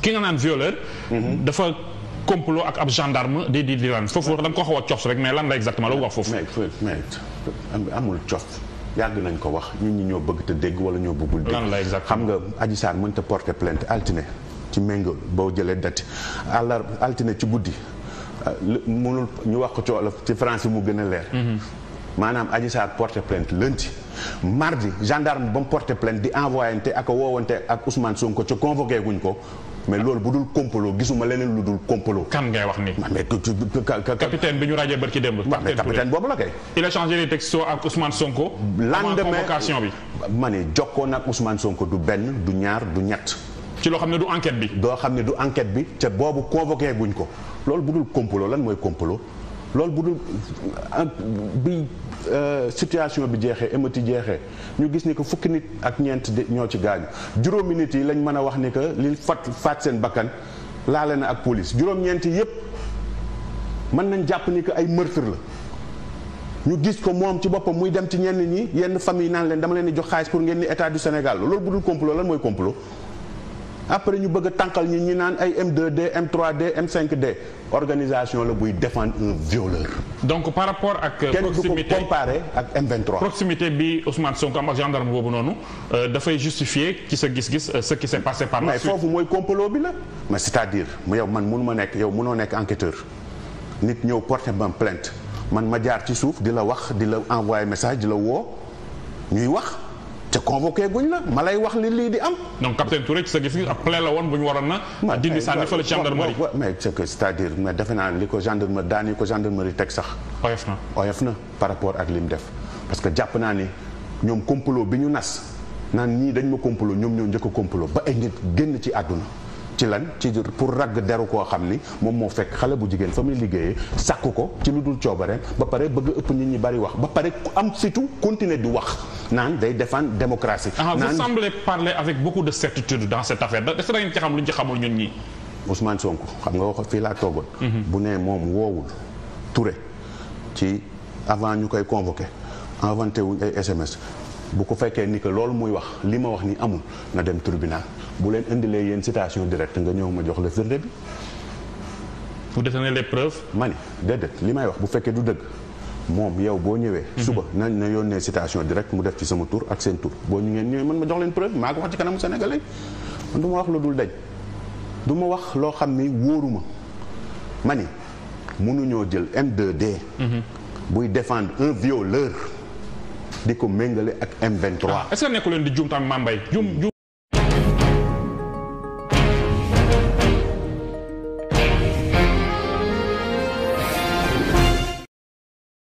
ki nga naan violeur. dafa complot ak ab gendarme di di di lan foofu da ko xaw a cof rek mais lan la exactement la wax foofu. mais amul cof yàgg nañ ko wax ñun ñu ñoo bëgg te dégg wala ñoo bëggul dégg. lan la exactement xam nga Adji Sarr mënta porter plainte altine ci méngóo boo jëlee date àllar altine ci guddi euh, mënul ñu wax ko ci wolof ci france mu gën a leer. Mhm. maanaam Adji Sarr porté plainte lundi mardi gendarme ba mu porté plainte di envoyante ak woowante ak Ousmane Sonko ca convoqué guñ ko mais loolu bu dul complot gisuma leneen lu dul complot. kan ngay wax ni mais capitaine bi ñu rajee barki démb. mais capitaine boobu la kay. il a changé les textos ak Ousmane Sonko. lendemain convocation bi. ma ne jokkoon ak Ousmane Sonko du benn du ñaar du ñett. ci loo xam ne du enquête bi. doo xam ne du enquête bi te boobu convoqué guñ ko loolu bu dul complot lan mooy complot. loolu bu dul bi euh, situation bi jeexee émeute jeexee ñu gis ni ko fukki nit ak ñeent ñoo ci gaañu juróomi nit yi lañ mën a wax ni que li fat faat seen bakkan laale na ak police juróom-ñeent yi yëpp mën nañ jàpp ni que ay meurtre la. ñu gis ko moom ci boppam muy dem ci ñenn ñi yenn famille naan leen dama leen jox xaalis pour ngeen ni état du Sénégal loolu bu dul complot lan mooy complot. après ñu bëgg a tànqal ñi ñi naan ay M2D M3D M5D organisation la buy défendre un violeur. donc par rapport ak. proximité euh, kenn du ko ak M23. proximité bi Ousmane Sonko am ak gendarme boobu noonu euh, dafay justifier ci sa gis-gis euh, ce qui s'est passé par la suite. mais foofu mooy complot bi la. mais c'est-à-dire yow man mënu ma nekk yow munoo nekk enquêteur nit ñëw porté ma plainte man ma jaar ci suuf di la wax di la envoyé message di la woo ñuy wax. te convoqué guñ la ma lay wax li lii di am. donc capitaine Touré ci sa gis-gis ab plaie la woon bu ñu waroon na. dindi eh, sànni fële gendarmerie mais c'est que c'est-à-dire mais defe naa li ko gendarmerie daan ko gendarmerie teg sax. oyof na oyof na par rapport ak li mu def. parce que jàpp naa ni ñoom complot bi ñu nas naan nii dañ ma complot ñoom ñoo njëkk a complot ba ay nit génn ci àdduna. ci lan ci pour ragg deru koo xam ni moom moo fekk xale bu jigéen fa liggéeyee sàkk ko ci lu dul coobareem ba pare bëgg ëpp nit ñi bari wax ba pare am surtout continuer di wax naan day défendre démocratie. Ah, naan vous semblez parler avec beaucoup de certitude dans cette affaire est-ce que da ngeen ci xam lu ñu ci xamul ñun ñi Ousmane Sonko xam nga wax fii laa toogoon. Mhm. bu nee moom woowul Touré ci avant ñu koy convoqué inventé wuñ ay SMS. bu ko fekkee ni que loolu muy wax li ma wax ni amul na dem tribunal bu leen indilee yéen citation direct nga ñëw ma jox la firnde bi. pour détenir les preuves. ma ni déedéet li may wax bu fekkee du dëgg. moom yow boo ñëwee. Mhm. suba na na yónnee citation directe mu def ci sama tur ak seen tur boo ñu ngeen ñëwee man ma jox leen preuve maa ko wax ci kanamu sénégalais man du ma wax lu dul dañ du ma wax loo xam ni wóoruma ma ni mënuñoo jël m d mhm. buy défendre un di ko méngale ak M23. Ah, est-ce que nekkul leen di juum tamit Mame Mbaye juum